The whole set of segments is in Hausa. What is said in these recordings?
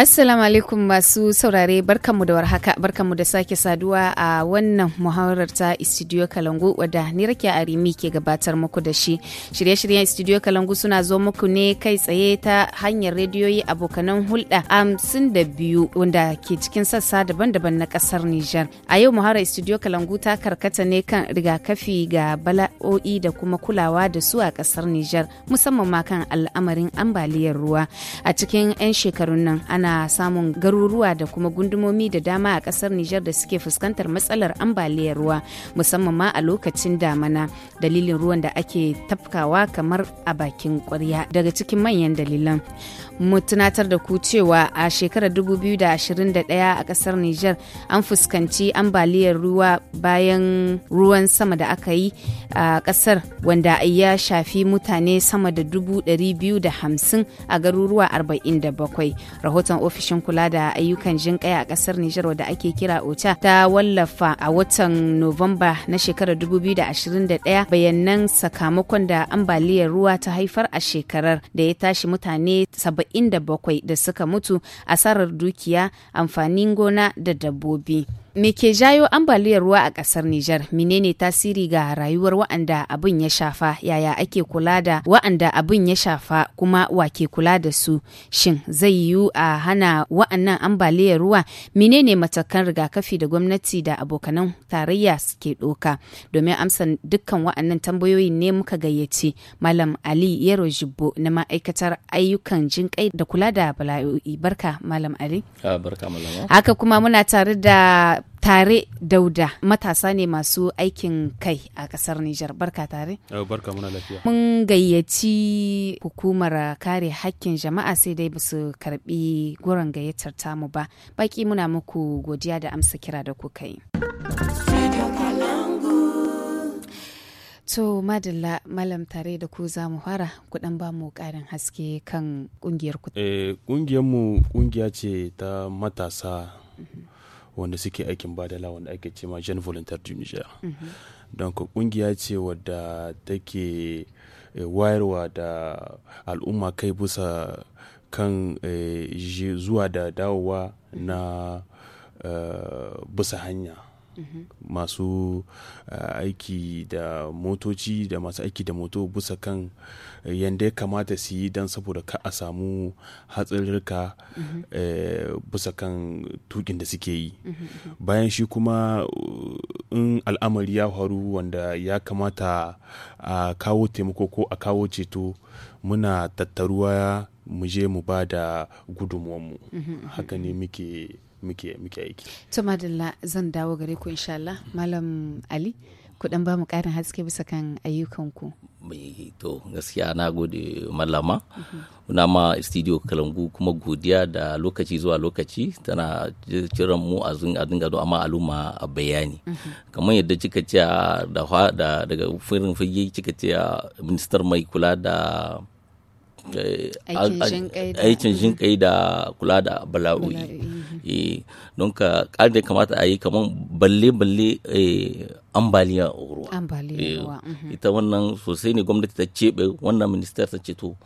Assalamu alaikum masu saurare barkanmu da warhaka barkanmu da sake saduwa a wannan muhawarar ta Studio Kalangu wadda ni rake Arimi ke gabatar muku da shi. Shirye-shiryen Studio Kalangu suna zo muku ne kai tsaye ta hanyar rediyoyi abokanan hulɗa hamsin da biyu wanda ke cikin sassa daban-daban na kasar Nijar. A yau muhawarar Studio Kalangu ta karkata ne kan rigakafi ga bala'o'i da kuma kulawa da su a kasar Nijar musamman ma kan al'amarin ambaliyar ruwa. A cikin 'yan shekarun nan ana ana samun garuruwa da kuma gundumomi da dama a kasar Nijar da suke fuskantar matsalar ambaliyar ruwa musamman ma a lokacin damana dalilin ruwan da ake tafkawa kamar a bakin kwarya daga cikin manyan dalilan. mu tunatar da ku cewa a shekarar 2021 a kasar Nijar an fuskanci ambaliyar ruwa bayan ruwan sama da aka yi a kasar wanda ya shafi mutane sama da 250 a garuruwa 47. Rahoton ofishin kula da ayyukan jinƙai a kasar Nijar wadda ake kira OCHA ta wallafa a watan Nuwamba na shekarar 2021 bayanan sakamakon da ambaliyar ruwa ta haifar a shekarar da ya tashi mutane 70 47 da suka mutu asarar dukiya amfanin gona da dabbobi. Me ke jayo ambaliyar ruwa a ƙasar Nijar? Menene tasiri ga rayuwar wa'anda abin ya shafa? Yaya ake kula da wa'anda abin ya shafa kuma wa ke kula da su? Shin zai yiwu a hana wa'annan ambaliyar ruwa? Menene matakan rigakafi da gwamnati da abokanan tarayya suke ɗoka? Domin amsa dukkan wa'annan tambayoyin ne muka gayyaci Malam Ali Yero Jibbo na ma'aikatar ayyukan jinƙai da kula da bala'o'i. Barka Malam Ali. Ah, Haka kuma muna tare da tare dauda matasa ne masu aikin kai a kasar Nijar barka tare. barka muna lafiya. Mun gayyaci hukumar kare hakkin jama'a sai dai basu karbi gurin gayyatar tamu ba. Baki muna muku godiya da amsa kira da kuka yi. To madalla malam tare da ku za mu fara kudan ba mu karin haske kan kungiyar ku. Eh kungiyar mu kungiya ce ta matasa. Mm -hmm. wanda suke aikin badala wanda ake ce ma jeune volunteer du niger mhm. don kungiya ce wadda take eh, wayarwa da al'umma kai busa kan eh, zuwa da dawowa na eh, busa hanya masu eh, aiki da motoci da masu aiki da moto bisa kan yadda ya kamata su yi don saboda ka a samu hatsarurruka eh, bisa kan tukin da suke yi bayan shi kuma eh, in al'amari ya faru wanda ya kamata a kawo taimako ko a kawo ceto muna tattaruwa mu je mu ba da mu mhm, mhm. haka ne muke muke muke aiki to madalla zan dawo gare ku insha Allah malam Ali ku dan ba mu karin haske bisa kan ayyukan ayyukanku to gaskiya na gode mallama na ma studio kalangu kuma godiya da lokaci zuwa lokaci tana kiran mu a dinga don amma aluma a bayani kamar yadda kika ce ah, da daga firin fage kika ce ah, ministar mai kula da Eh, aikin jinƙai da kula da bala'o'i mhm. eh, don ka da kamata a yi kamar balle-balle eh, ambaliya ruwa mhm. ita wannan sosai ne gwamnati ta cebe wannan ministar ta ceto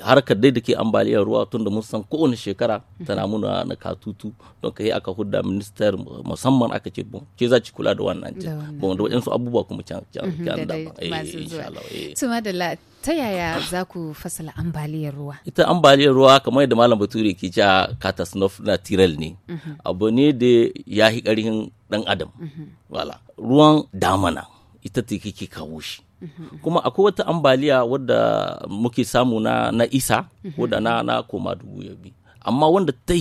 harkar dai da ke ambaliyar ruwa tun da san kowane shekara tana mhm. muna na katutu don yi aka hudda minister musamman aka ce bon ke za ci kula da wannan ce bon da waɗansu abubuwa kuma can da ba insha Allah ta yaya za ku fasala ambaliyar ruwa ita ambaliyar ruwa kamar yadda malam bature ke ja catastrophe natural ne mm-hmm. abu ne da ya hi karhin dan adam mm-hmm. wala ruwan damana ita ta kike kawo shi mm-hmm. kuma akwai wata ambaliya wadda muke samu na, na isa ko da na, na koma dubu ya bi amma wanda ta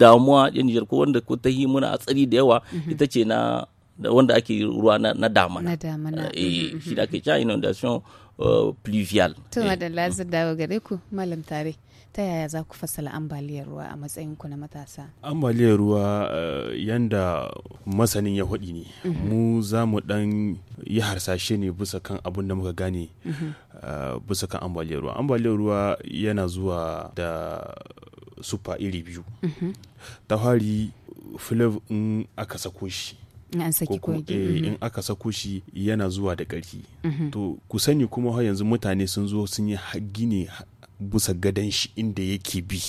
damuwa yan ko wanda ko ta yi muna a tsari da yawa ita ce na da wanda ake ruwa na, na damana na damana eh mm-hmm, mm-hmm. shi da ake cewa inundation uh, pluvial to eh. madalla zan dawo gare ku malam tare ta yaya za ku fasala ambaliyar ruwa a matsayin ku na matasa ambaliyar ruwa uh, yanda masanin ya hudi ne mm-hmm. mu za mu dan yi harsashe ne bisa kan abun da muka gane uh, bisa kan ambaliyar ruwa ambaliyar ruwa yana zuwa da super iri biyu ta fari in aka sako shi ko eh, mhm. in aka sako shi yana zuwa da ƙarfi mhm. to ku sani kuma yanzu mutane sun zo sun yi gini busa gadon shi inda yake bi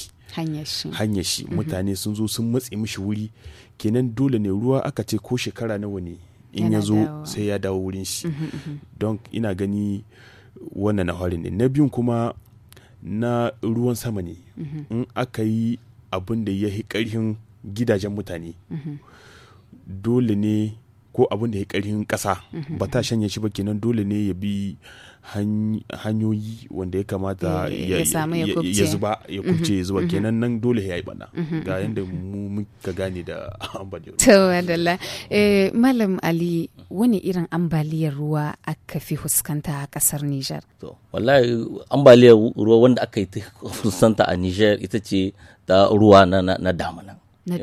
hanyar shi mhm. mutane sun zo sun matse mishi wuri kenan dole ne ruwa aka ce ko shekara nawa ne in ya zo sai ya dawo wurin shi don ina gani wannan na ne na biyun kuma na ruwan sama ne in aka yi abin da ya yi ƙarfin gidajen mutane mm -hmm. dole ne ko abin da ya karin ƙasa mhm. ba ta shanye shi ba kenan dole ne ya bi hanyoyi wanda ya kamata ya zuba ya mhm. kubce ya zuba mhm. kenan nan dole ya yi bana ga yadda mu muka gane da ambaliyar ruwa. Eh, Malam Ali wani irin ambaliyar ruwa aka fi huskanta a kasar niger. Wallahi ambaliyar ruwa wanda aka yi huskanta a niger ita ce ta ruwa na damana. na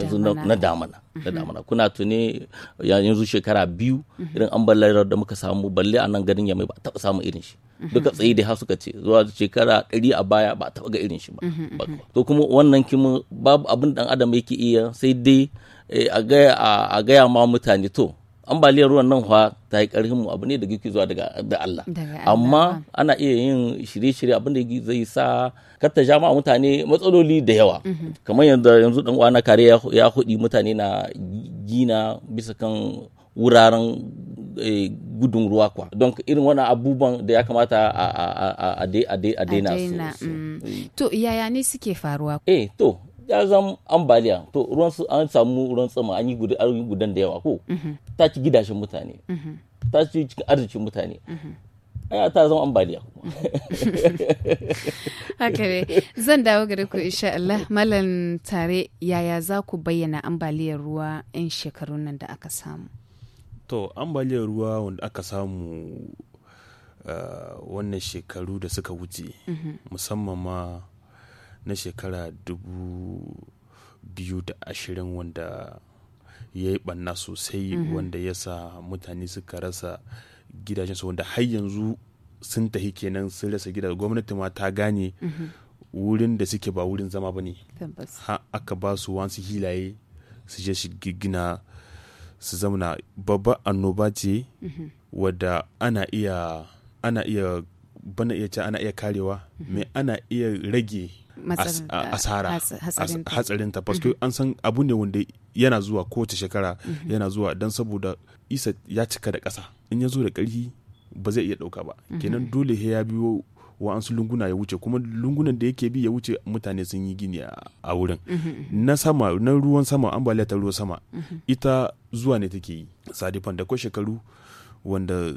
damana na mhm. damana kuna tuni yanzu shekara biyu mhm. irin ambalairar da muka samu balle a nan garin yamai ba taɓa samu irin shi mhm. duka tsaye da suka ce zuwa shekara ɗari a baya ba taba ga irin shi ba to kuma wannan kima babu abin dan adam yake iya sai dai eh, a gaya ma mutane to ambaliyar ruwan nan fa ta yi karfin mu abu ne da yake zuwa daga da Allah amma ana iya yin shirye-shirye abin da zai sa katta jama mutane matsaloli da yawa mhm. kamar yadda yanzu dan uwana kare ya hudi mutane na gina bisa kan wuraren eh, gudun ruwa kwa don irin wani abubuwan da ya kamata a daina su mm. to yaya ne suke faruwa eh to ya zama ambaliya to ruwan an samu ruwan sama an yi gudan da yawa ko mhm. ta ci gidashen mutane mhm. ta ci cikin arzikin mutane mhm. aya ta zama ambaliya haka ne zan dawo gare ku insha Allah malam tare yaya za ku bayyana ambaliyar ruwa 'yan shekarun nan da aka samu to ambaliyar ruwa wanda aka samu ah, wannan shekaru da suka wuce musamman ma na shekara dubu da ashirin wanda ya yi ɓanna sosai mhm. wanda ya sa mutane suka rasa gidajensu wanda har yanzu sun tahi kenan sun rasa gida gwamnati ma ta gane mhm. wurin da suke ba wurin zama ba ne aka ba su wansu hilaye su je gina su zamana babban annoba ce mhm. wadda ana iya ana iya bana iya ce ana iya karewa mai ana iya rage asara hatsarinta mm-hmm. paske an san abu ne wanda yana zuwa kowace shekara mm-hmm. yana zuwa don saboda isa ya cika da ƙasa in ya zo da ƙarfi ba zai iya ɗauka ba mm-hmm. kenan dole ya biyo su lunguna ya wuce kuma lungunan da yake bi ya wuce mutane sun yi gini a wurin na sama na ruwan sama ambaliya ta ruwan sama ita zuwa ne take yi sadifan da ko shekaru wanda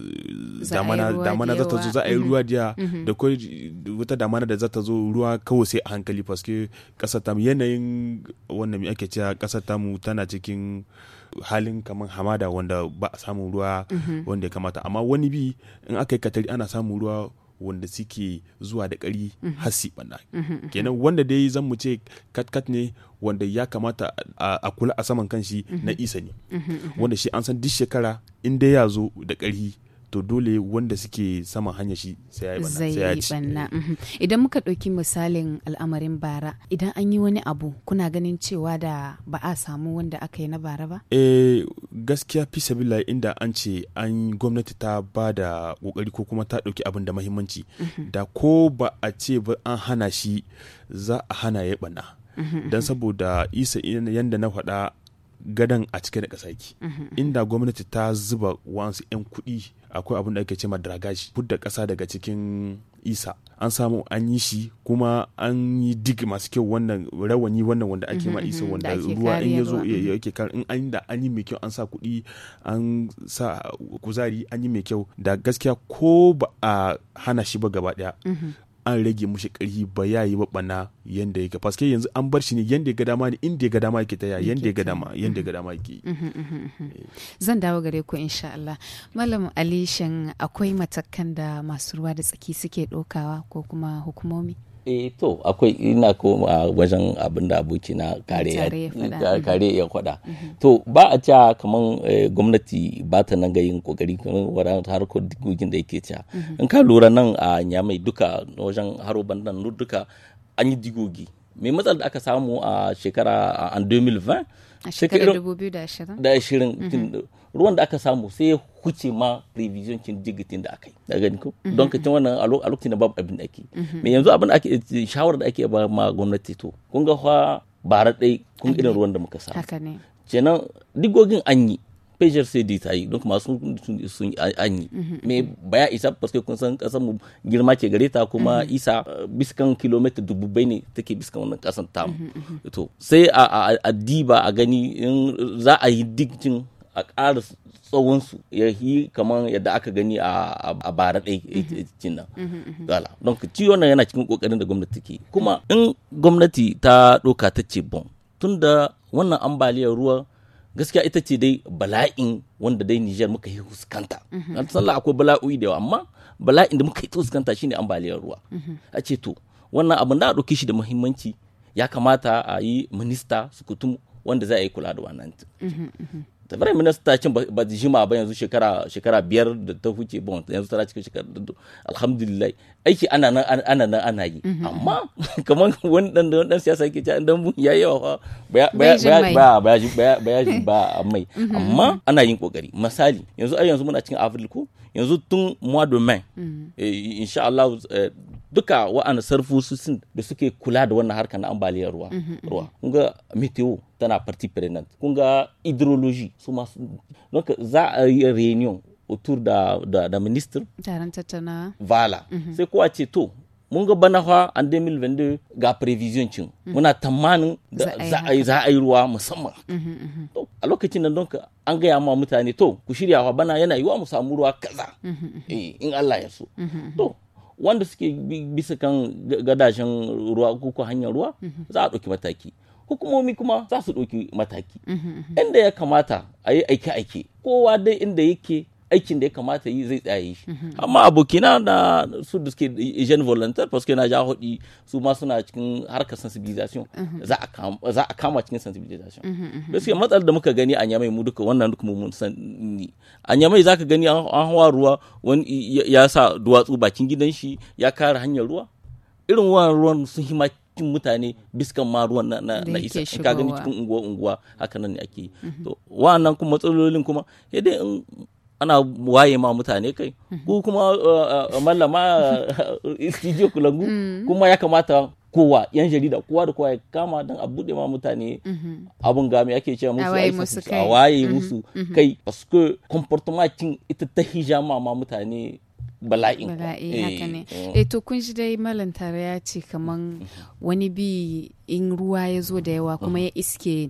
damana za ta zo za a yi ruwa diya mm-hmm. da kawai mm-hmm. wata damana da za ta zo ruwa kawai sai a hankali paske kasa tamu yanayin wannan mai ake cewa kasa tamu tana cikin halin kamar hamada wanda ba a samun ruwa mm-hmm. wanda ya kamata amma wani bi in aka yi katari ana samun ruwa wanda suke zuwa da ƙari mhm. hasi ɓanna mhm, mhm, kenan wanda dai zan mu ce katkat ne wanda ya kamata a kula a saman kanshi na isa ne wanda shi an san duk shekara in dai ya zo da ƙari to dole wanda suke sama hanya shi sai ya yi banna eh. mhm. idan muka ɗauki misalin al'amarin bara idan an yi wani abu kuna ganin cewa da ba a samu wanda aka yi na bara ba eh gaskiya fi sabila inda an ce an gwamnati ta ba da kokari ko kuma ta ɗauki abin da mahimmanci mhm. da ko ba a ce ba an hana shi za a hana ya banna mhm, don saboda isa yanda na faɗa gadan a cike da ƙasa inda gwamnati ta zuba wasu 'yan kuɗi akwai abin da ake ce madragaji budda kasa daga cikin isa an samu an yi shi kuma an yi dig masu kyau wannan rawani wannan wanda ake ma mhm, isa mhm, wanda ruwa in ya yake kar in an da an yi mai kyau an sa kuɗi an sa kuzari an yi mai kyau da gaskiya ko ba a hana shi ba gaba ɗaya mhm. an rage mushi ƙarfi ba ya yi yadda ya ga paske yanzu an bar shi ne yadda ya ga dama ne inda ya ga dama yake taya yadda ya ga dama yadda ya ga mm-hmm. dama yake mm-hmm, mm-hmm, eh. zan dawo gare ku insha Allah malam Ali shin akwai matakan da masu ruwa da tsaki suke ɗaukawa ko kuma hukumomi e to akwai ina ko a wajen abin da aboki na kare ya kwada mm-hmm. to ba a cewa kamar eh, gwamnati ba ta nan gayin kokari kamar wajen harkar dukkan da yake cewa mm-hmm. in ka lura nan a nyamai duka wajen haroban nan duka an yi digogi mai matsal da aka samu a shekara a 2020 a shekarar 2020 ruwan da aka samu sai ya huce ma revision kin digitin da aka yi da gani ko mhm. don ka wannan a lokacin da babu abin da ake mhm. me yanzu abin da ake shawara da ake ba ma gwamnati to kun ga fa bara dai kun irin ruwan da muka samu haka ne kenan digogin an yi pager sai dai ta yi don masu sun an yi mhm. me baya isa paske kun san kasar mu girma ce gare ta kuma isa eh, biskan kilomita dubu bai ne take biskan wannan kasan tamu to sai a diba a gani in za a yi digin a ƙara tsawonsu su ya yi kamar yadda aka gani a bara ɗai mhm. eh, eh, cin nan Wala mhm, mhm, don ci wannan yana cikin ƙoƙarin da gwamnati ke kuma in gwamnati ta ɗoka ta ce bon tunda wannan ambaliyar ruwa gaskiya ita ce dai bala'in wanda dai Nijar muka yi huskanta. An sallah akwai bala'o'i da yawa amma bala'in da muka yi huskanta ne ambaliyar ruwa. A ce to wannan abin da a ɗauke shi da muhimmanci ya kamata a yi minista su kutum wanda za a yi kula da wannan. Tsibirai minista cin ba jima ba yanzu shekara shekara biyar da ta huce bon yanzu tana cikin shekara alhamdulillah aiki ana nan ana nan ana yi mhm. amma kamar wani dan dan siyasa yake cewa dan mun yayi wa ba ba ba ba ba mai mhm. amma ana yin kokari misali yanzu ai yanzu muna cikin Afrika yanzu tun mois de mai mhm. eh, insha Allah eh, duka wa'anda sarfususin da suke kula da wannan harkar na ambaliyar ruwa mhm, ruwa mhm. kun ga meteo tana parti prenant kun ga hydrology su masu za a yi reunion autour da da, da minister taron tattauna vala mhm. sai kowa ce to mun ga bana fa an 2022 ga prevision cin muna tamanin za a yi ruwa musamman a lokacin nan don an gaya ma mutane to ku shirya bana yana yiwa mu samu ruwa kaza eh, in Allah ya so to wanda suke bisa kan gadashen ruwa ko hanyar ruwa mhm. za a ɗauki mataki hukumomi kuma za su ɗauki mataki mhm, mhm. inda ya kamata a yi aike-aike kowa dai inda yake aikin da ya kamata yi zai tsaye shi mhm. amma abokina na su da suke ijen volunteer parce que na ja hudi su ma suna cikin harkar sensibilisation mhm. za a kama cikin sensibilisation gaskiya mhm, matsalar da muka gani a nyamai mu duka wannan duka mun san ni a nyamai zaka gani an hawa ruwa wani ya sa duwatsu bakin gidan shi ya kare hanyar ruwa irin wannan ruwan sun hima cikin mutane biskan ma ruwan na, na, na isa ka gani cikin unguwa unguwa haka nan ne ake yi to wa'annan kuma matsalolin kuma yadda ana waye ma mutane kai mhm. ko kuma uh, uh, mallama uh, studio kulangu mhm. kuma ya kamata kowa yan jarida kowa da kowa ya kama don a bude ma mutane mhm. abun game ake cewa musu a waye musu kai paske comportement ita ta hijama ma mutane bala'in bala'i haka ne eh, eh. Eh, to kun ji dai malam tare ya ce kaman wani bi in ruwa ya zo da yawa kuma ya iske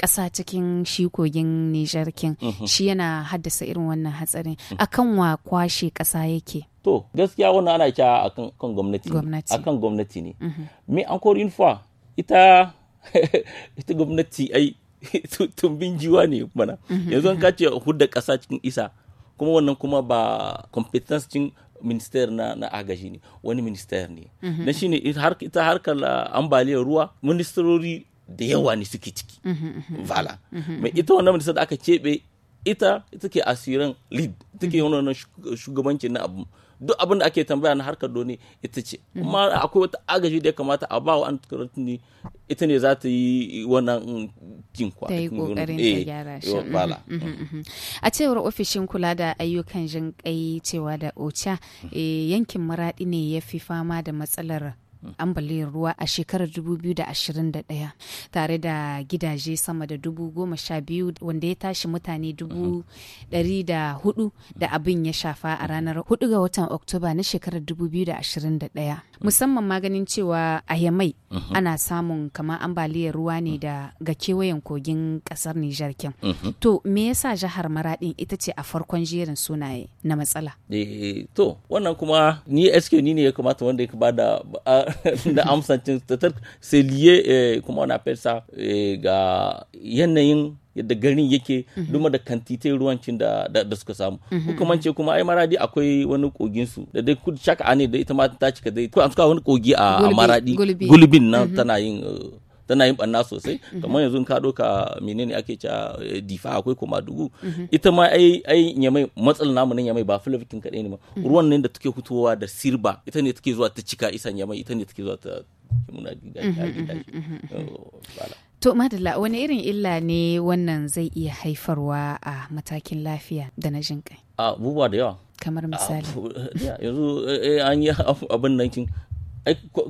ƙasa cikin shi kogin Nijar kin mhm. shi yana haddasa irin wannan hatsarin akan wa kwashe ƙasa yake to gaskiya wannan ana kya akan kan gwamnati akan gwamnati ne mhm. me an kori infa ita ita gwamnati ai tumbin jiwa ne mana mhm. yanzu an kace hudda ƙasa cikin isa kuma wannan kuma ba competence cikin minister na, na agaji ne wani minister ne na shine ita harkar ah, ambaliyar ruwa ministerori da yawa ne suke ciki mhm, mhm, mhm. vala mai ita wannan majalisa da aka keɓe ita ita ke asirin lead ita ke wannan shugabanci na abu duk abin da ake tambaya na harkar doni ita ce kuma akwai wata agaji da ya kamata a ba wa an ne ita ne za ta yi wannan jin kwa ta yi kokarin ta eh, gyara shi a cewar ofishin kula da ayyukan jin kai cewa da ocha eh, yankin maradi ne ya fi fama da matsalar ambaliyar ruwa a shekarar 2021 tare da gidaje sama da dubu goma sha biyu wanda ya tashi mutane dubu dari mhm. da hudu da abin ya shafa a ranar hudu ga watan oktoba na shekarar 2021 mhm. musamman maganin cewa a yamai mhm. ana samun kamar ambaliyar ruwa ne da ga kewayen kogin kasar nijar kyan to me yasa jihar maradin ita ce a farkon jerin sunaye na matsala eh, to wannan kuma ni ni ne ya kamata wanda ya ba da da amsancin sai liye eh, kuma wani ça eh, ga yanayin yadda garin yake mhm. duma da kantitai ruwancin da da suka samu hukumance mhm. kuma ai maradi akwai wani kogin su da dai shaka ne da ita ma ta cika dai ko an suka wani kogi a maradi gulbin nan mhm. tana yin eh, tana yin banna sosai mhm. Mhm. kamar yanzu ka doka ah, menene ake cewa eh, difa akwai kuma dugu mhm. ita ma ai ai nyamai matsal namu nan yamai ba fulfikin kadai ne ma ruwan nan da take fitowa da sirba ita ne take zuwa ta cika isan nyamai ita ne take zuwa ta muna oh, To Madalla wani irin illa ne wannan zai iya haifarwa a matakin lafiya da na jin kai? Abubuwa da yawa. Kamar misali. Yanzu eh, eh, an yi abin nan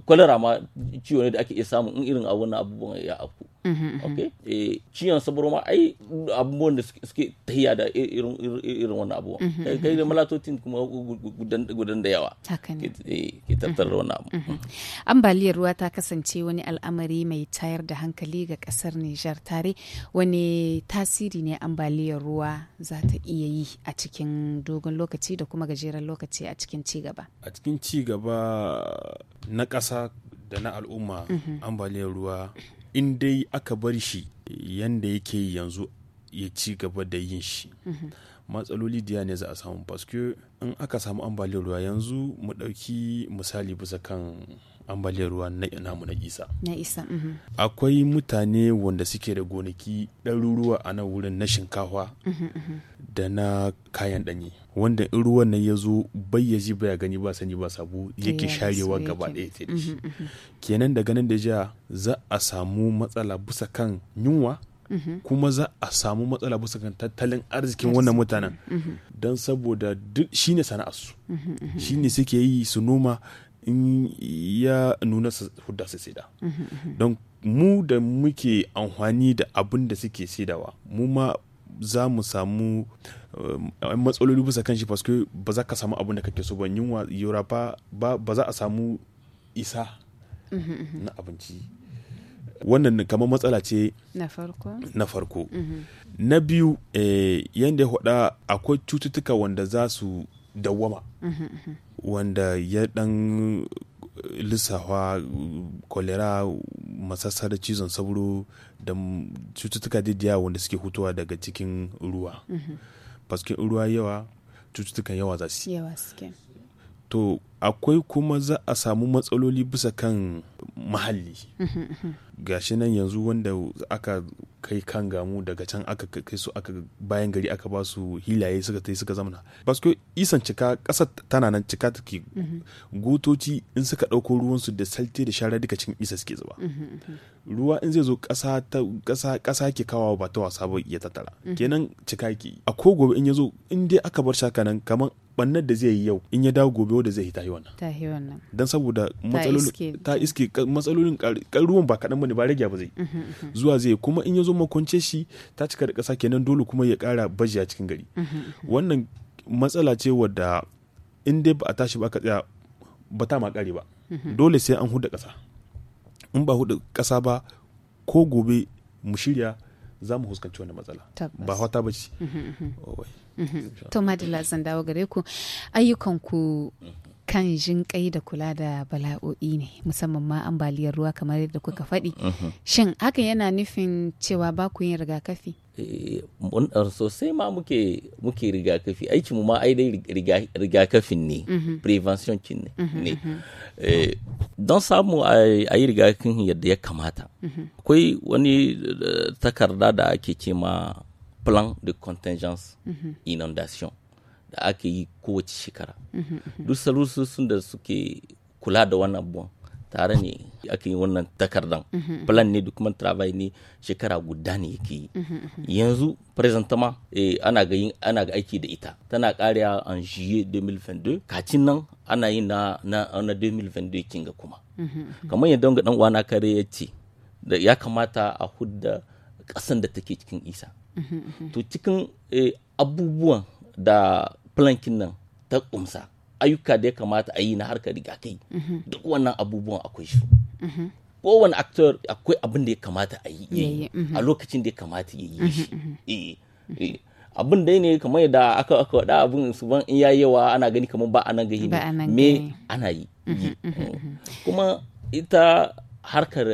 kwalera ma ciwo ne da ake iya samu in irin abun abubuwan ya afku mm-hmm, mm-hmm. okay eh, ciwon saboro ma ai abubuwan da suke tahiya da irin irin wannan abubuwan mm-hmm, kai da malatotin kuma gudan da yawa eh, ke tattara wannan abu ambaliyar ruwa ta kasance wani al'amari mai tayar da hankali ga kasar Nijar tare wani tasiri ne ambaliyar ruwa za ta iya yi a cikin dogon lokaci da kuma gajeren lokaci a cikin cigaba? a cikin cigaba. na ƙasa da na al'umma mhm. ambaliyar ruwa in dai aka bar shi yanda yake yanzu ya ci gaba da yin shi mhm. matsaloli diya ne za a samu paske in aka samu ambaliyar ruwa yanzu mu ɗauki misali bisa kan ambaliyar ruwa na namu na isa na isa mhm. akwai mutane wanda suke da gonaki ɗaruruwa a nan wurin na shinkafa mhm, mhm. da na kayan ɗanye wanda in ruwan nan ya zo bai ya ji baya gani ba sani ba sabu yake sharewa gaba ɗaya ta kenan daga nan da ja za a samu matsala bisa kan yunwa kuma za a samu matsala bisa kan tattalin arzikin wannan mutanen don saboda duk shine sana'arsu shine suke yi su noma in ya nuna hudda su saida don mu da muke amfani da abin da suke saidawa mu ma za mu samu eh, matsaloli bisa kan shi paske ba za ka samu abin da kake so ba yunwa yura ba za a samu isa na abinci wannan kamar matsala ce na farko na mhm. biyu eh, yadda ya hada akwai cututtuka wanda za su dawwama wanda ya dan lissafa kwalera masassar cizon sauro da cututtuka didiya wanda suke hutuwa daga cikin ruwa paske ruwa yawa cututtukan yawa za su yawa to akwai kuma za a samu matsaloli bisa kan mahalli mhm, mhm. gashi nan yanzu wanda aka kai kan gamu daga can aka kai su aka bayan gari aka ba su hilaye suka tai suka zamana basko isan cika kasa tana nan cika take mm-hmm. gutoci in suka ɗauko su da salte da shara duka cikin isa suke zuba mm-hmm, mm-hmm. ruwa in zai zo ƙasa ta kasa ke kawo ba ta wasa ba ya tattara kenan cika ke a ko gobe in ya zo in dai aka bar shaka nan kaman bannan da zai yi yau in ya dawo gobe wanda zai yi tahi wannan don saboda ta iske matsalolin karuwan ba kaɗan bane ba rage ba zai mhm, mhm. zuwa zai kuma in ya zo makwance shi ta cika da ƙasa kenan dole kuma ya kara baji a cikin gari mhm, wannan matsala ce wadda in dai ba a tashi ba ka tsaya ba ta ma kare ba dole sai an huda ƙasa in ba huda ƙasa ba ko gobe mu shirya za mu huskanci wani matsala ba wata ba ce mhm, mhm. Mhm. to madalla zan dawo gare ku ayyukanku kan jinƙai da kula da bala'o'i ne musamman ma ambaliyar ruwa kamar yadda kuka faɗi shin hakan yana nufin cewa ba ku yin rigakafi Eh, mun sosai ma muke muke rigakafi aiki mu ma ai dai rigakafin ne mhm. prevention ne mhm, mhm. Eh, don samu a yi rigakafin yadda ya kamata akwai wani eh, takarda da ake ce ma plan de contingence inundation da ake yi kowace shekara duk sun da suke kula da wannan abuwan tare ne ake wannan takardan plan ne document travail ne shekara guda ne yake yi yanzu presentama eh, ana ana ga aiki da ita tana kariya an juillet 2022 kacin nan ana yi na na 2022 kinga kuma kamar yadda ga dan uwana kare ya ce da ya kamata a hudda kasan da take cikin isa to cikin eh, abubuwan da plankin nan ta kumsa ayyuka da ya kamata a yi na harkar rigakai mhm. duk wannan abubuwan akwai shi mhm. kowane aktor akwai abin da ya kamata a yi mhm. a lokacin da ya kamata ya yi shi eh, eh. abin dai ne kamar da aka aka wada abin su ban in yayi yawa ana gani kamar ba anan gahi me ana yi eh. kuma ita harkar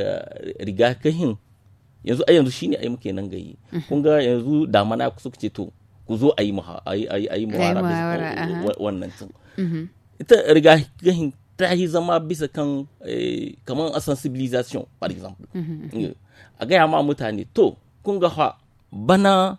rigakahin yanzu a yanzu shine ai muke nan gayi kun ga yanzu damana kusa ce to ku zo a yi mu wannan tun Mm-hmm. ita rigakafin ta yi zama bisa kan eh, kamar a sensibilisation par exemple mm-hmm. a gaya ma mutane to kun ga bana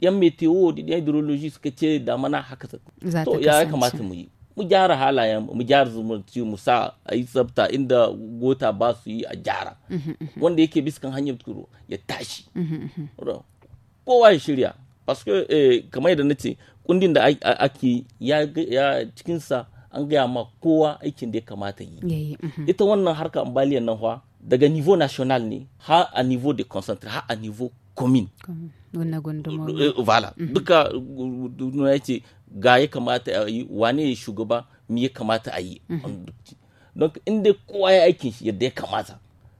yan meteo da yan hydrology suka ce damana haka to ya kamata mu yi mu gyara halayen mu gyara zumunci mu sa a yi tsabta inda gota ba su yi a gyara mm-hmm, wanda yake biskan hanyar turo ya tashi kowa ya shirya parce que eh, kamar yadda na ce kundin da ake ya, ya cikinsa an gaya ma kowa aikin da ya kamata yi mm-hmm. ita wannan harka ambaliyar nan fa daga niveau national ne ha a niveau de concentre ha a niveau commune wannan gundumar eh, eh, voilà mm-hmm. duka duniya ya ce ga ya kamata a yi wane ya shugaba me ya kamata a yi mm-hmm. don inda kowa ya aikin shi yadda ya kamata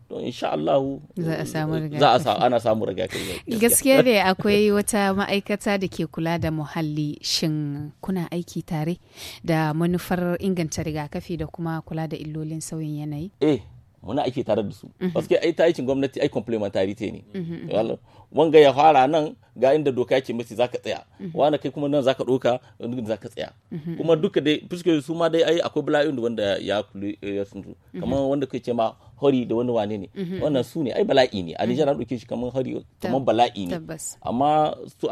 to insha Allah za a samu eh, ana samu rigakafi gaskiya ne akwai wata ma'aikata da ke kula da muhalli shin kuna aiki tare da manufar inganta rigakafi da kuma kula da illolin sauyin yanayi eh muna ake tare da su mhm. paske ai aikin gwamnati ai complementarity ne mhm. wanga ya fara nan ga inda doka yake mace zaka tsaya mhm. wani kai kuma nan zaka doka zaka tsaya kuma duka dai fuske su ma dai ai akwai bala'in wanda ya kulu ya suntu kamar wanda kai ce ma hori da wani wane ne wannan su ne ai bala'i ne a Nijar an dauke shi kamar hori kamar bala'i ne amma su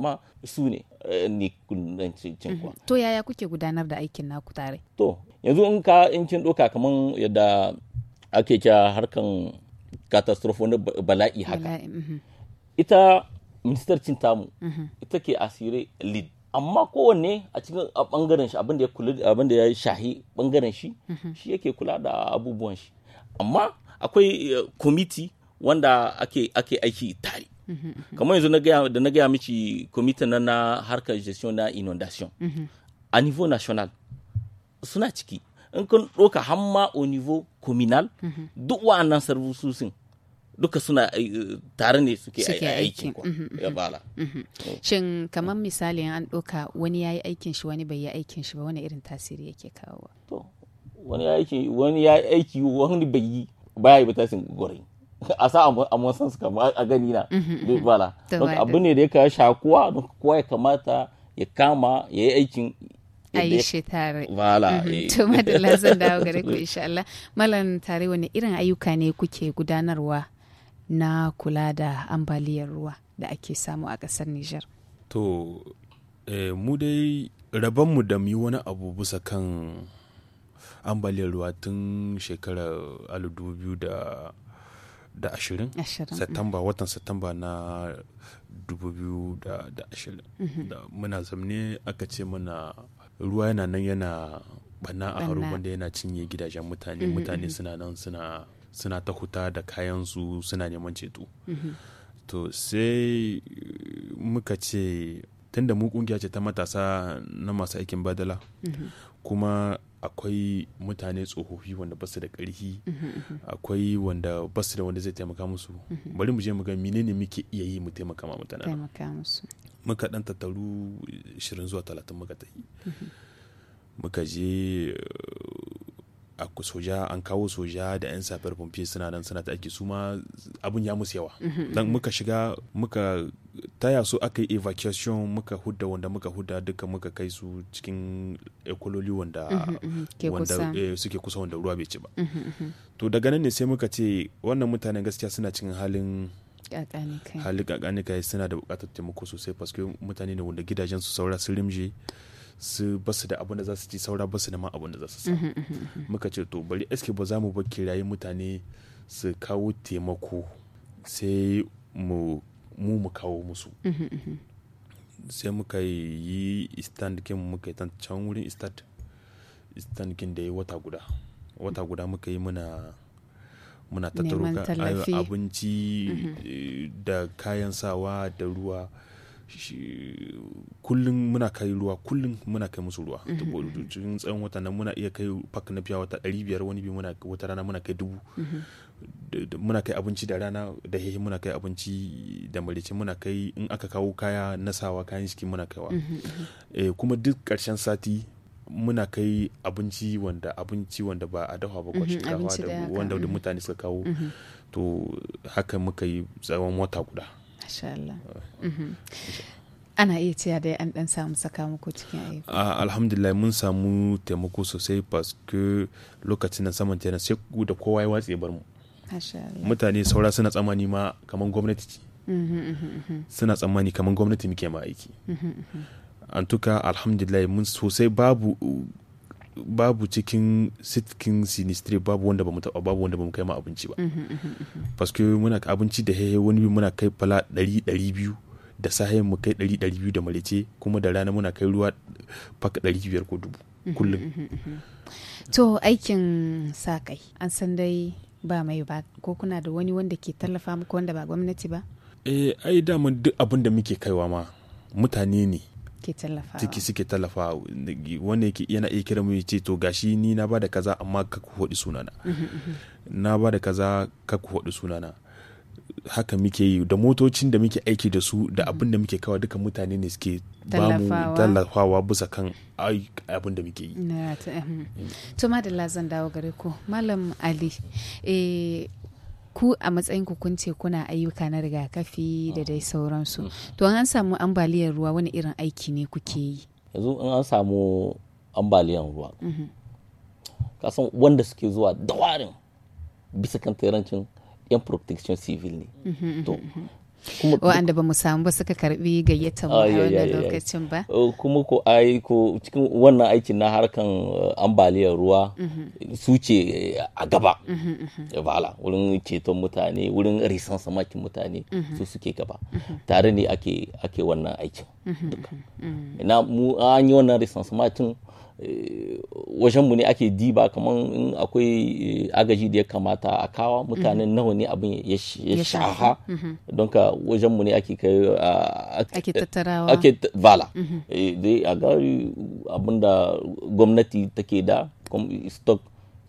ma su ne eh, ni kunan cin to yaya kuke gudanar da aikin naku tare to yanzu in ka in kin doka kamar yadda ake kya harkan catastrophe bala'i haka mhm. ita ministar tamu mhm. ita ke asire lead amma kowanne a cikin bangaren shi abinda ya kula abinda ya shahi bangaren shi mhm. shi yake kula da abubuwan shi amma akwai komiti eh, wanda ake ake aiki tare kamar yanzu da na gaya miki komiti na na harkar gestion na inundation a niveau national suna ciki in kun ɗoka hamma au niveau communal mhm. duk wa'annan sarvususin duka suna eh, tare ne suke aiki mhm, mhm. bala. Oh. shin kamar misali an ɗoka wani ya yi aikin shi wani bai yi aikin shi ba wani irin tasiri yake kawo to wani ya aiki wani ya aiki wani bai yi ya yi ba sin gwarai a sa a masan su kama a gani na bala abu ne da ya shakuwa kowa ya kamata ya kama ya yi aikin a yi shi tare wala mhm. to madalla zan dawo gare ku insha Allah malam tare wani irin ayyuka ne kuke gudanarwa na kula da ambaliyar ruwa da ake samu a ƙasar Nijar to eh, mu dai mu da mu yi wani abu bisa kan ambaliyar ruwa tun shekarar biyu da ashirin mhm. satamba watan satamba na dubu biyu da ashirin mhm. muna zamne aka ce mana ruwa yana nan yana banna a haru wanda yana cinye gidajen mutane mm-hmm, mutane mm-hmm. suna nan suna suna ta huta da kayansu suna neman ceto mm-hmm. to sai muka ce tunda mu kungiya ce ta matasa na masu aikin badala kuma akwai mutane tsofaffi wanda ba su da ƙarfi akwai wanda ba su da wanda zai taimaka musu bari mu je mu ga menene muke iya yi mu taimaka ma mutane muka dan tattaru 20 zuwa 30 muka tafi muka je a soja an kawo soja da yan safiyar fomfe suna nan suna ta aiki su ma abun ya musu yawa mm-hmm, dan mm-hmm. muka shiga muka taya su aka yi evacuation muka hudda wanda muka hudda duka muka kai su cikin ekololi wanda mm-hmm, eh, suke kusa wanda ruwa bai ci ba to daga nan ne sai muka ce wannan mutanen gaskiya suna cikin halin halin kakanika suna da bukatar taimako sosai paske mutane ne wanda gidajen su saura sun rimje su basu da abin da za su ci saura basu da ma abin da za su samu mm-hmm, mm-hmm. muka ce to bari eske ba za mu ba kirayi mutane su kawo taimako sai mu mu kawo musu mm-hmm, sai muka yi stand kin muka yi can wurin stand stand kin da ya wata guda wata guda muka yi muna muna tattaro abinci eh, da kayan sawa da ruwa kullum muna kai ruwa kullum muna kai musu ruwa mhm. cikin tsawon wata nan muna iya kai pak na fiya wata ɗari biyar wani bi muna wata rana muna kai dubu mhm. muna kai abinci da rana da hehe muna kai abinci da malice muna kai in aka kawo kaya na sawa kayan shiki muna kaiwa mhm, eh, kuma duk ƙarshen sati muna kai abinci wanda abinci wanda ba a dafa ba kwashi wanda mutane suka kawo to haka muka yi tsawon wata guda Ah. Mhm. ana iya cewa dai an dan samu saka muku cikin aiki ah, alhamdulillah mun samu taimako sosai paske lokacin da saman tana sai da kowa ya watse bar mu mutane saura suna tsammani ma kaman gwamnati ce mhm, mhm, suna tsammani kaman gwamnati muke ma aiki an tuka alhamdulillah mun sosai babu babu cikin sitkin sinistre babu wanda ba mu taba babu wanda ba mu kai ma abinci ba mhm, mhm, mhm, paske muna abinci da hehe wani bi muna kai fala 100 200 da sahayin mu kai 100 200 da malece kuma da rana muna kai ruwa faka 500 ko dubu kullum to aikin sa kai an san dai ba mai ba ko kuna da wani wanda ke tallafa muku wanda ba gwamnati ba eh ai daman duk abin da muke kaiwa ma mutane ne ciki suke tallafa wanda yake yana iya kira ya ce to gashi ni na bada kaza amma ka ku hodi sunana mhm, mhm. na bada kaza ka ku hodi sunana haka muke yi da motocin da muke aiki da su da mhm. abin da muke kawa duka mutane ne suke ba mu tallafawa bisa kan abin da muke yi. Mm. To madalla zan dawo gare ku. Malam Ali, eh, ku a matsayin ku kun ce kuna ayyuka na rigakafi da dai ah. sauransu mm. to an samu ambaliyar ruwa wani irin aiki ne kuke yi yanzu in an samu ambaliyar ruwa mm-hmm. kasan wanda suke zuwa dawarin bisa kan terancin yan protection civil ne mm-hmm, to mm-hmm, wa'anda ba mu samu ba suka karbi gayyatar mu a wannan lokacin ba uh, kuma ko ai ko cikin wannan aikin na harkan uh, ambaliyar ruwa mhm. su ce eh, a gaba bala mhm, mhm. wurin ceton mutane wurin risan samakin mutane su suke gaba tare ne ake ake wannan aikin duka na mu an yi wannan risan samakin Eh, mu ne ake diba kamar in akwai eh, agaji da ya kamata a kawa mutanen mhm. nawa ne abin ya shaha mhm. don ka mu ne ake kai ah, ake eh, tattarawa ake vala mhm. dai a gari abinda gwamnati take da stock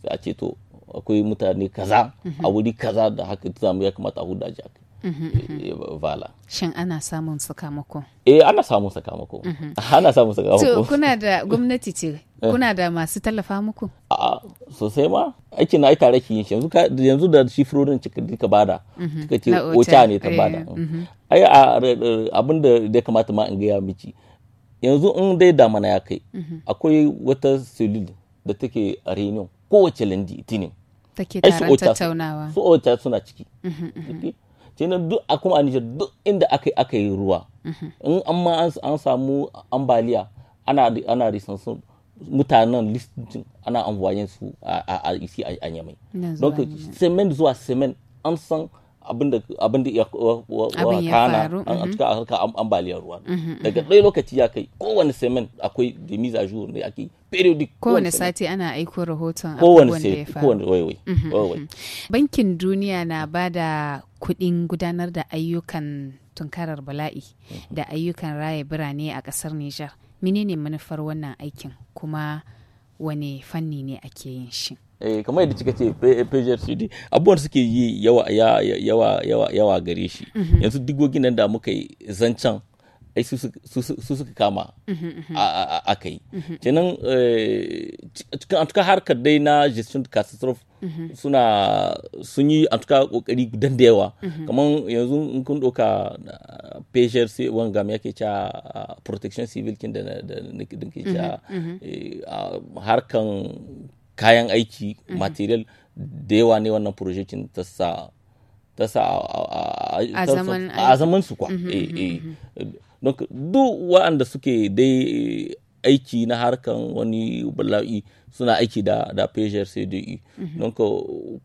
a ce to akwai mutane kaza a wuri kaza da haka zamu ya kamata a hudaji a vala mhm, mhm. eh, shin ana samun sakamako eh ana samun sakamako mhm. ana samun sakamako kuna da gwamnati ce eh. kuna da masu tallafa muku a sosai ma aiki na aita raki yin yanzu yanzu da shifrorin cika duka bada Cika ce ocha ne ta eh, bada ai abin da ya kamata ma in gaya miki yanzu in dai mana ya kai akwai wata silil da take a reunion kowace lindi itinin take taron tattaunawa su ocha suna ciki kenan duk a kuma a Nijar duk inda aka aka yi ruwa mm-hmm. in ma an samu ambaliya ana ana sun mutanen listin ana amfani su a isi a yamai don semen zuwa semen an san abin da ya kana a harka mm-hmm. ambaliyar ruwa mm-hmm, mm-hmm. daga ɗaya lokaci ya kai kowane semen akwai da miza jour ne ake periodic kowane sati ana aiko rahoton abubuwan da ya faru bankin duniya na ba da kuɗin gudanar da ayyukan tunkarar bala'i da ayyukan raya birane a ƙasar nijar menene manufar wannan aikin kuma wane fanni ne ake yin shi eh kamar yadda kika ce pager cd abubuwan suke yi yawa yawa yawa yawa gare shi mm-hmm. yanzu gogin nan da muka yi zancen ai su suka kama mm-hmm, mm-hmm. a kai kenan eh, cikin antuka harkar dai na gestion catastrophe suna sun yi antuka kokari gudan da yawa kamar yanzu in kun doka pager sai wanga me yake cewa protection civil kin da nake cewa eh, harkan kayan aiki mhm. material da yawa ne wannan projekin ta sa a zaman su kwa mhm, eh, mhm, eh. duk waɗanda suke dai aiki na harkan wani bala'i suna aiki da da sai da yi mhm. don ka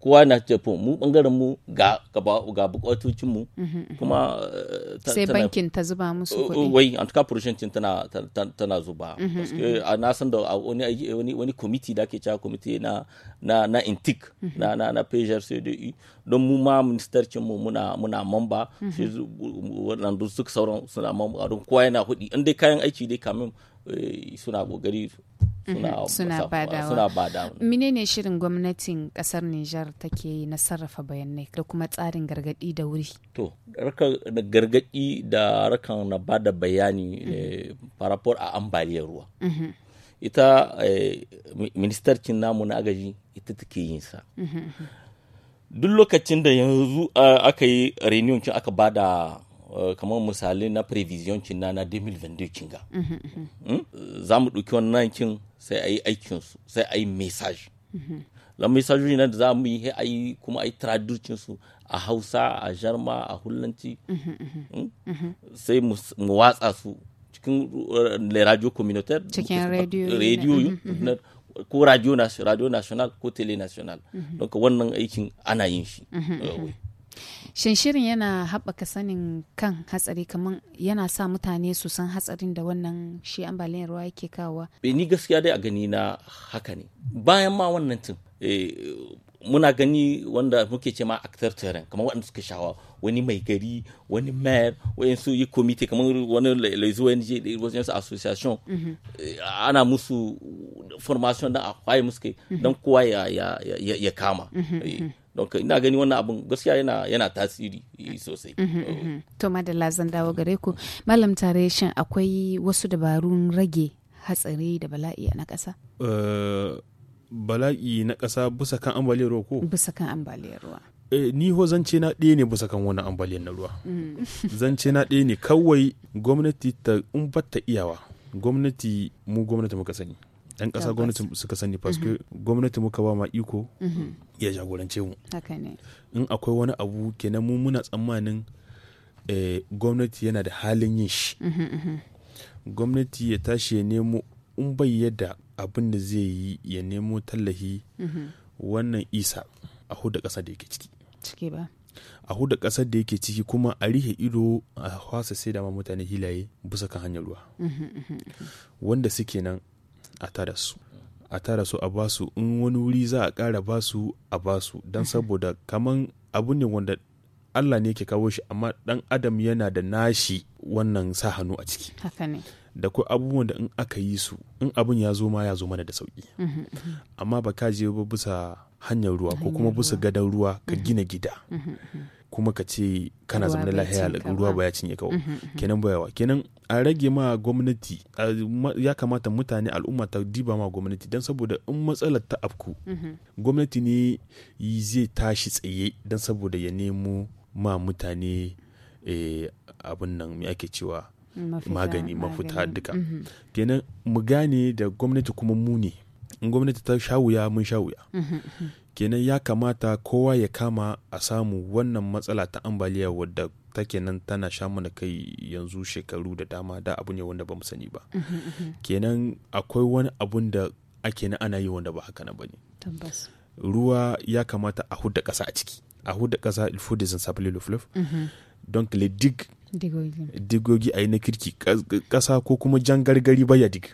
kowa na ce mu bangaren mu ga ga bukatocin mu mhm, mhm, kuma eh, sai bankin ta zuba musu oh, oh, kuɗi wai an tuka projectin tana tana zuba a na san da wani wani wani committee da ke cewa committee na na na intik na na na da yi don mu ma ministercin mu muna muna mamba sai wannan duk sauran suna mamba don kowa yana hudi in dai kayan aiki dai kamin Eh, suna gogari. suna mhm, badawa menene shirin gwamnatin kasar Nijar take yi na sarrafa bayanai da kuma tsarin gargadi da wuri to gargadi da rakan na bada bayani farafar mhm. eh, a ambaliyar ruwa mhm. ita eh, ministarcin namu na agaji ita take yin sa duk lokacin da yanzu aka yi reunion aka bada Eh, kamar misali na prevision kin na 2022 kin ga mhm, mhm. Hmm? Eh, za mu ɗauki wannan kin sai a yi aikinsu sai a yi message la mhm. message na da za mu yi a yi kuma a yi traducin su a hausa a jarma a hulanci hmm? sai mu watsa su cikin eh, radio communautaire cikin radio ko radio national ko tele national don wannan aikin ana yin shi Shin shirin yana haɓaka sanin kan hatsari kamar yana sa mutane su san hatsarin da wannan shi ambaliyar ruwa yake kawowa? Eh, ni gaskiya dai a gani na haka ne. Bayan ma wannan tun eh, muna gani wanda muke ce ma aktar terrain kamar waɗanda suka shawa wani mai gari wani mayor wani su yi komite kamar wani laizu wani wajen su association mhm. eh, ana musu formation don a kwaye musu mhm. don kowa ya kama mhm, don ka ina gani wannan abun gaskiya yana yana tasiri sosai mhm, oh. mhm. to madalla zan dawo gare ku malam tare shin akwai wasu dabarun rage hatsari da bala'i na ƙasa eh, bala'i na ƙasa bisa kan ambaliyar ruwa ko bisa kan ambaliyar ruwa eh, ni ho zance na ɗaya ne bisa kan wani ambaliyar na ruwa mm. zance na ɗaya ne kawai gwamnati ta in iyawa gwamnati mu gwamnati muka sani 'yan ƙasa gwamnati suka sani paske mhm. gwamnati muka ba ma iko mhm. ya jagorance mu in akwai wani abu kenan mu muna tsammanin eh, gwamnati yana da halin yin shi mhm, gwamnati ya tashi ya nemo in bai yadda abin da zai yi ya nemo tallahi wannan isa a huda ƙasa da yake ciki ciki a huda ƙasar da yake ciki kuma a rihe ido a hasa sai da ma mutane hilaye bisa kan hanyar ruwa wanda suke nan a tara su a tara su a basu in wani wuri za a ƙara basu a basu don saboda kaman abu ne wanda Allah ne ke kawo shi amma dan adam yana da nashi wannan sa hannu a ciki da ko abubuwan da in aka yi su in abin ya zo ma ya zo mana da sauki mm-hmm, mm-hmm. amma ba ka je ba bisa hanyar ruwa ko kuma bisa gadon ruwa ka mm-hmm. gina gida kuma ka ce kana zama lahiya ruwa ba ya cinye kawo mm-hmm, mm-hmm. kenan bayawa kenan a rage ma gwamnati ya kamata mutane al'umma ta diba ma gwamnati don saboda in matsalar ta afku mm-hmm. gwamnati ne zai tashi tsaye don saboda ya nemo ma mutane eh, abin nan me ake cewa magani mafuta duka kenan mu gane da gwamnati kuma mu ne in gwamnati ta shawuya mun shawuya kenan ya kamata kowa ya kama a samu wannan matsala ta ambaliya wadda take nan tana sha mana kai yanzu shekaru da dama da abu ne wanda ba sani ba uhm, uhm, uhm. kenan akwai wani abun da ake na ana yi wanda ba haka na ba ne ruwa ya kamata a huda kasa a ciki a huda kasa il faut des ensembles don kile dig digogi a yi na kirki kasa ko kuma jan gargari baya dig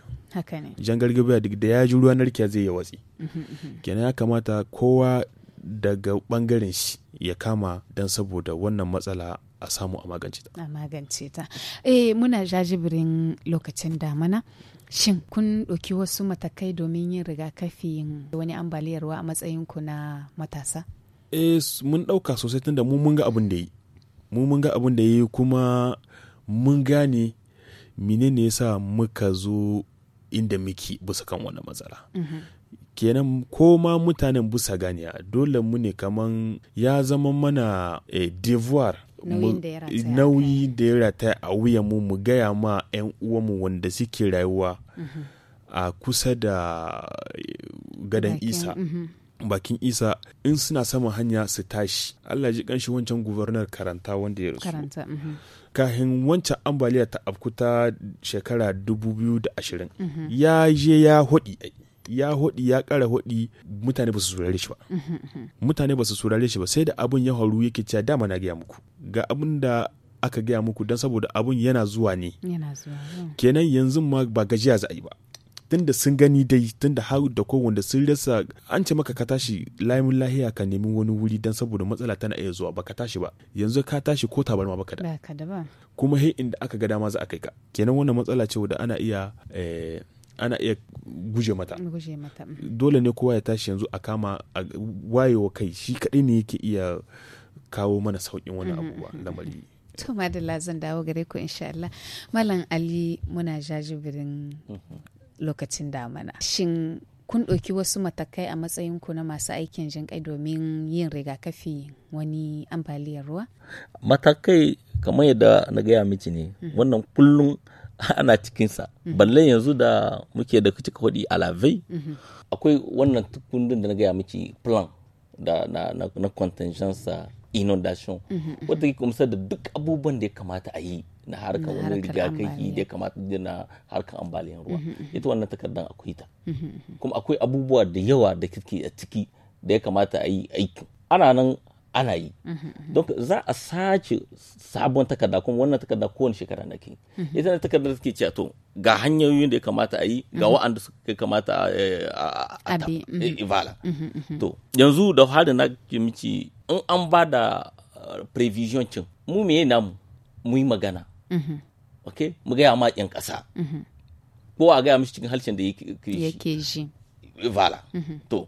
jan gargabiya duk da ya ji ruwa narkiya zai ya watsi mhm, mhm. kenan ya kamata kowa daga bangaren shi ya kama don saboda wannan matsala a samu a magance ta. A magance ta. Eh muna jajibirin lokacin damana. Shin kun ɗauki wasu matakai domin yin rigakafin wani ambaliyar a matsayin ku na matasa? Eh mun ɗauka sosai tunda mu mun ga abin da yi. Mu mun ga abin da yi kuma mun gane menene yasa muka zo inda muke bisa kan wani matsala mhm. kenan ko ma mutanen busa ganiya dole mu ne kaman ya zama mana eh, devoir nauyi da ya rata a wuyan mu mu gaya ma 'yan uwanmu wanda suke rayuwa mhm. a kusa da eh, gadon isa mhm. bakin isa in suna saman hanya su tashi allah ji kanshi wancan gubernar karanta wanda ya rasu kahin wancan ambaliya ta ta shekara 2020 mhm. ya je ya hudi ya hodi ya kara hodi mutane ba su surare shi ba mhm, mhm. mutane ba su surare shi ba sai da abun ya haru yake cewa dama na gaya muku ga abun da aka gaya muku don saboda abun yana zuwa ne mm. kenan yanzu ma ba gajiya za a yi ba tunda sun gani dai tunda har da kowanda sun rasa an ce maka ka tashi layin lahiya ka nemi wani wuri dan saboda matsala tana iya zuwa baka tashi ba yanzu ka tashi ko tabarma baka da kuma hei inda aka ga dama za a kai ka kenan wannan matsala ce da ana iya eh, ana iya guje mata mm. dole ne kowa ya tashi yanzu a kama a wayewa kai shi kaɗai ne yake iya kawo mana sauƙin wani mm-hmm, abubuwa mm-hmm. lamari to madalla zan dawo gare ku insha Allah malam ali muna jajibirin mm-hmm. lokacin damana shin kun ɗauki wasu matakai a matsayinku na masu aikin jinƙai domin yin rigakafi wani ambaliyar ruwa matakai kamar yadda na gaya miki ne mm. wannan kullum ana cikinsa mm. balle yanzu da muke da cika a alavai mm-hmm. akwai wannan tukundin da na gaya miki plan da na, na, na contingence inundation mm-hmm. Wata ke da duk abubuwan da ya kamata a yi na harkar wani rigakafi da kamata da na harkar ambaliyan ruwa mm-hmm, mm-hmm. ita wannan takardar akwai ta mm-hmm, kuma akwai abubuwa da yawa da kike a ciki da ya kamata a yi aikin ana nan ana yi don za a sace sabon takarda kuma wannan takarda kowane shekara na ke ita na takarda take ce to ga hanyoyin da ya kamata a yi ga wa'anda suka kamata eh, a ibala eh, to yanzu da hada na miki in an ba da eh, prevision cin mu me namu mu yi magana Mm-hmm. ok mu gaya maƙin ƙasa mm-hmm. ko a gaya mishi cikin harshen da yake shi vala mm-hmm. to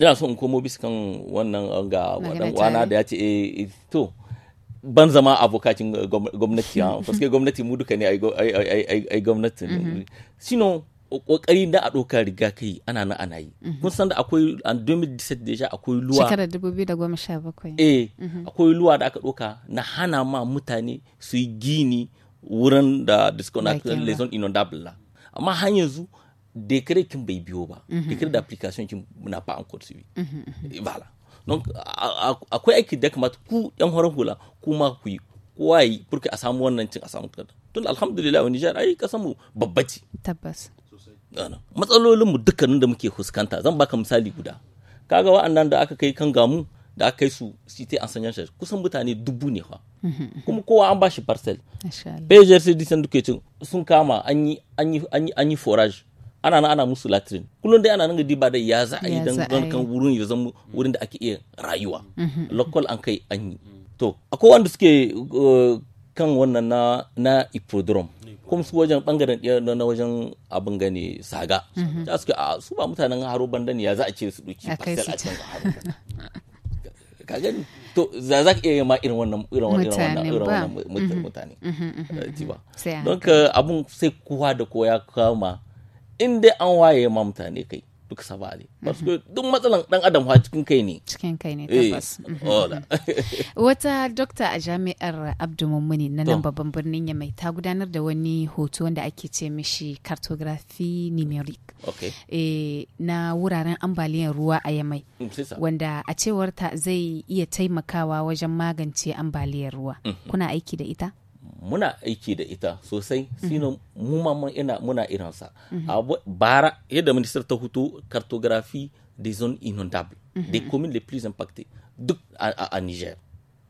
ina so in komo bisa kan wannan uh, ga wana da ya ce eh, eh, to ban zama abokacin uh, gwamnati ya faske ah, gwamnati mu duka ne ai gwamnati sino kokari da a ɗaukar kai ana nan ana yi mhm. kun san da akwai a 2017 deja akwai luwa shekarar 2017 eh mhm. akwai luwa da aka ɗauka na hana ma mutane su yi gini wurin da disconnect lesson inundable la amma har yanzu dekare kin bai biyo ba mhm. dekare da application kin na ba an kursibi bala donc akwai aiki da kamata ku yan horon hula kuma ku yi kowa yi a samu wannan cin a samu kada tun alhamdulillah wani jihar ai kasanmu babbaci tabbas matsalolinmu dukkanin da muke fuskanta zan baka misali guda kaga wa'annan da aka kai kan gamu da aka kai su site an sanya shi kusan mutane dubu ne fa mhm. kuma kowa an bashi parcel pager sai disan duke cin sun kama an yi an yi forage ana nan ana musu latrin kullum dai ana nan gadi ba da ya za a yi dan kan wurin ya zama wurin da ake iya rayuwa mhm. local an kai an yi to akwai wanda suke uh, kan wannan na na ipodrom kuma su wajen bangaren na wajen abin gani saga mhm. za su a ah, su ba mutanen haro banda ne ya za a ce su duki parcel a can haro ka gani to za za ka iya ma irin wannan irin wannan irin wannan mutane don ka abin sai kowa da kowa ya kama in dai an waye ma mutane kai duk saba ne parce duk matsalan dan adam ha cikin kai ne cikin kai ne eh, tabbas mhm. wata dokta a jami'ar Abdu Mummuni na nan babban birnin Yamai ta gudanar da wani hoto wanda ake ce mishi cartography numeric eh, na wuraren ambaliyar ruwa a Yamai mm, wanda a cewarta zai iya taimakawa wajen magance ambaliyar ruwa mhm. kuna aiki da ita muna aiki da ita sosai mhm. sino mu ma ina muna irinsa mhm. abu bara yadda ministar ta hutu cartography des zones inondables mhm. des communes les plus impactées duk a Niger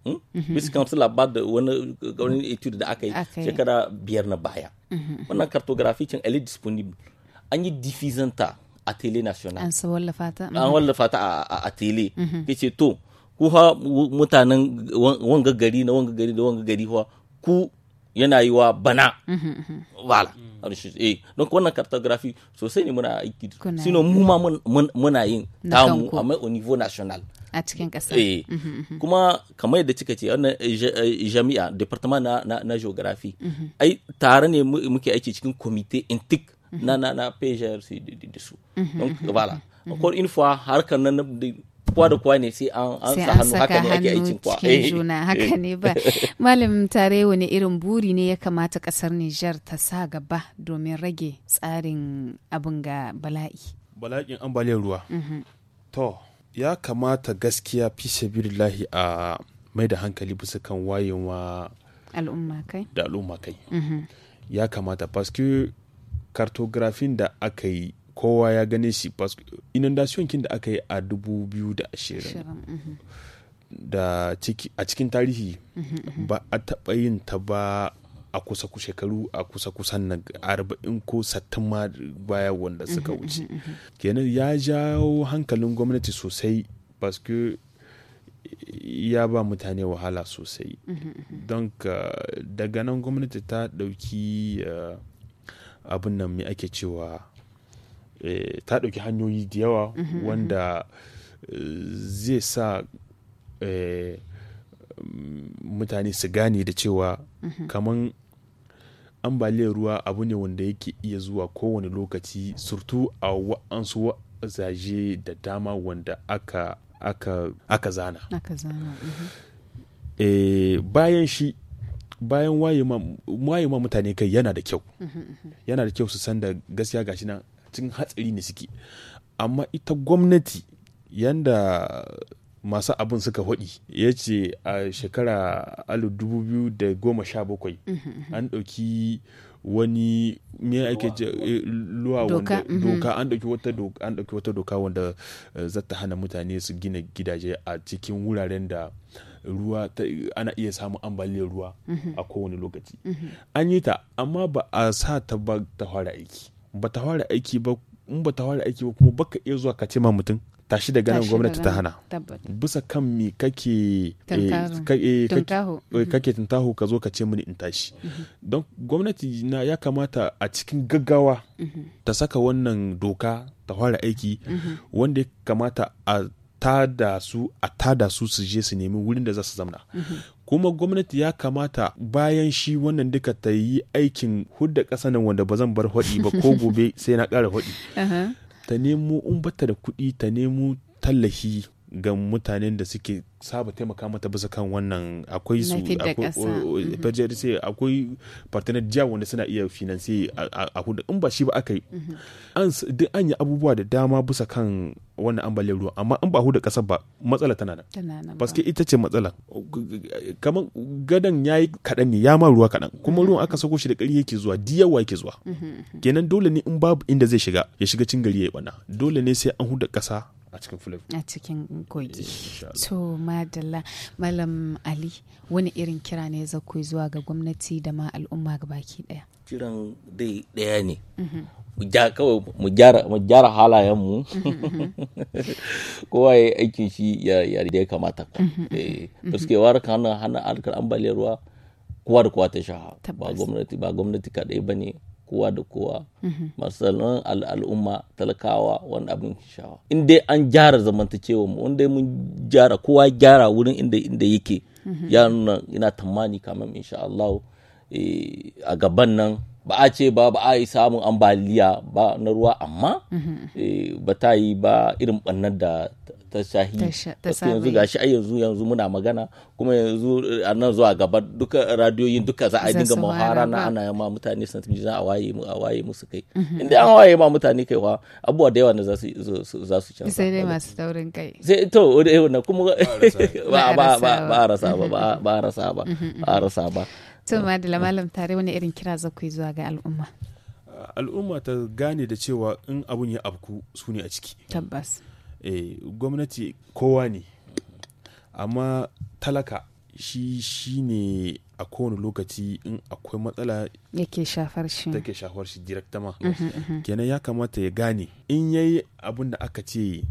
hmm? Peace Council ba da wani gaurin etude da aka yi shekara biyar na baya wannan cartography cin elite disponible an yi diffusanta a tele national an wallafa ta an wallafa ta a tele kace to ku ha mutanen wanga gari na wanga gari da wanga gari ku yana yi wa bana wala don wannan cartography sosai ne muna aiki sino mu ma muna yin tamu a mai au niveau national a cikin kasa eh kuma kamar yadda kika ce wannan jami'a department na na, geography ai tare ne muke aiki cikin comité intik na na na PGRC da su don voilà encore une fois harkar nan kuwa da kuwa ne sai an sa hannu haka ne ake aikin hannu cikin eh. juna haka ne ba malam tare wani irin buri ne ya kamata kasar nijar ta sa gaba domin rage tsarin abin ga bala'i bala'in ambaliyar ruwa mhm. to ya kamata gaskiya fi sabilillahi a mai da hankali bisa kan wayewa al'umma kai da al'umma kai mhm. ya kamata paske cartographin da aka yi kowa ya gane shi inundation kin da aka yi a 2020 da mhm. a cikin tarihi mhm, mhm. ba a taɓa yin ta ba a kusa shekaru a kusa kusan na arba'in ko sattin baya wanda suka wuce kenan ya jawo hankalin gwamnati sosai basu ya ba mutane wahala sosai don daga nan gwamnati ta ɗauki eh, abin nan mai ake cewa Eh, ta ɗauki hanyoyi da yawa mhm, wanda eh, zai sa eh, mutane su gane da cewa mhm. kaman ambaliyar ruwa abu ne wanda yake iya zuwa kowane lokaci surtu a wa'ansu zaje da dama wanda aka aka zana aka zana e, bayan shi bayan waye ma mutane kai yana da kyau yana da kyau su san da gaskiya gashi nan cikin hatsari ne suke amma ita gwamnati yanda masu abin suka hudi ya ce a shekara 2017 mm-hmm. an ɗauki wani me ake eh, luwa mm-hmm. doka an ɗauki wata doka an ɗauki wata doka wanda eh, zata hana mutane su gina gidaje a cikin wuraren da ruwa ana iya samun ambaliyar ruwa mm-hmm. a kowane lokaci an yi ta amma ba a sa ta ba ta fara aiki ba ta fara aiki ba kuma baka iya zuwa ka ce ma mutum tashi daga nan gwamnati ta hana bisa kan me kake eh, eh, kake tuntaho eh, ka zo ka ce mini in tashi mhm. don gwamnati na ya kamata a cikin gaggawa mhm. ta saka wannan doka ta fara aiki mhm. wanda ya kamata a tada su a tada su su je su nemi wurin da za su zamna kuma gwamnati ya kamata bayan shi wannan duka ta yi aikin hudda kasa nan wanda ba zan bar haɗi ba ko gobe sai na kara haɗi uh-huh. ta nemo in bata da kuɗi ta nemo tallafi ga mutanen da suke saba taimaka mata bisa kan wannan akwai su mm-hmm. akwai partner jiya wanda suna iya finance a hudu in ba shi ba aka yi mm-hmm. an yi abubuwa da dama bisa kan wannan ambaliyar ruwa amma an ba huda kasar ba matsala tana nan paske ita ce matsala kamar gadan yayi kaɗan ne ya ma ruwa kaɗan kuma ruwan aka sako shi da ƙari yake zuwa diyawa yake zuwa mhm, mhm. kenan dole ne in babu inda zai shiga ya shiga cin gari ya yi bana dole ne sai an huda kasa. a cikin flavor a cikin kogi so madalla malam ali wani irin kira ne za ku zuwa ga gwamnati da ma al'umma ga baki daya kiran dai daya ne mhm. mu gyara halayenmu mhm. kowa ya aikin shi ya ya kamata fuskewar mhm, eh, hana hana alkar ambaliyar ruwa kowa da kowa ta sha ba gwamnati ba gwamnati kaɗai ba ne kowa da kowa mhm. masalan al'umma talakawa wani abin shawa in dai an gyara zamantakewa mu wanda mun gyara kowa gyara wurin inda inda yake mhm. ya nuna ina tamani kamar insha Allah eh, a gaban nan ba a ce ba ba a yi samun ambaliya ba na ruwa amma mm-hmm. eh, ba ta yi ba irin bannan da ta shahi yanzu ga ai yanzu yanzu muna magana kuma yanzu eh, a nan zuwa gaba duka radiyoyin duka za a dinga mahara na ana yamma mutane sun tafi za a waye mu a waye musu kai mm-hmm. inda an waye ma mutane kai wa abubuwa da yawa ne za su za su canza sai dai masu taurin kai sai to da yawa kuma ba ba ba rasa ba ba rasa ba ba rasa ba mm-hmm. to da malam tare wani irin kira za ku yi zuwa ga al'umma al'umma ta gane da cewa in abun ya afku su ne a ciki tabbas eh gwamnati kowa ne amma talaka shi shi ne a kowane lokaci in akwai matsala yake shafar shi take shafar shi ma mhm, mhm. kenan ya kamata ya gane in yayi abun da aka ce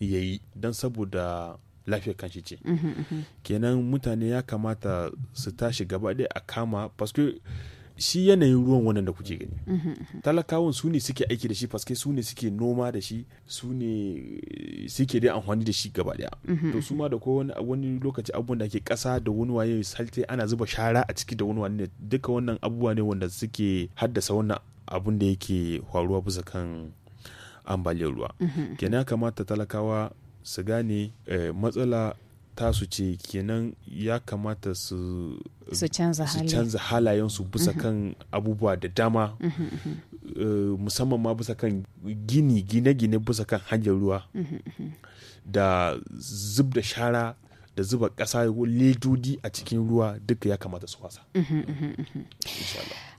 yayi don saboda lafiyar kanshi ce mhm, mhm. kenan mutane ya kamata su tashi gaba ɗaya a kama paske shi yanayin ruwan wannan da kuke gani mhm, talakawan su ne suke aiki da shi paske su ne suke noma da shi su ne suke dai amfani da shi gaba daya to su ma da ko wani lokaci abubuwan da ke kasa da wani waye salte ana zuba shara a ciki da wani wani duka wannan abubuwa ne wanda suke haddasa wannan abun da yake faruwa bisa kan ambaliyar ruwa kenan kamata talakawa su gane eh, matsala tasu ce kenan ya kamata su canza halayen su bisa mhm. kan abubuwa da dama mhm, mhm. Eh, musamman ma bisa kan gini gine-gine bisa kan hanyar ruwa da zub da shara da zuba ƙasa ledodi a cikin ruwa duka ya kamata su wasa.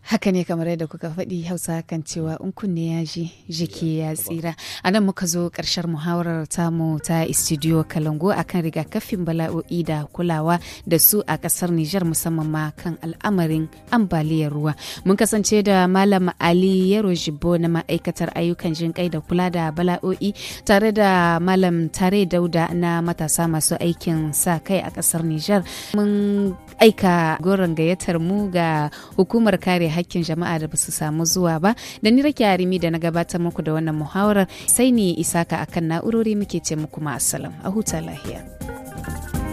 haka ne kamar yadda kuka faɗi hausa kan cewa in kunne ya ji jiki ya tsira a nan muka zo ƙarshen muhawarar tamu ta studio kalango a akan rigakafin bala'o'i da kulawa da su a ƙasar nijar musamman ma kan al'amarin ambaliyar ruwa mun kasance da malam ali yaro jibo na ma'aikatar ayyukan jin kai da kula da bala'o'i tare da malam tare dauda na matasa masu aikin sa kai a ƙasar nijar mun aika goron gayyatar mu ga hukumar kare hakkin jama'a da basu samu zuwa ba da ni rake arimi da na gabatar muku da wannan muhawarar sai ni isaka akan na'urori muke ce muku ma a huta lahiya.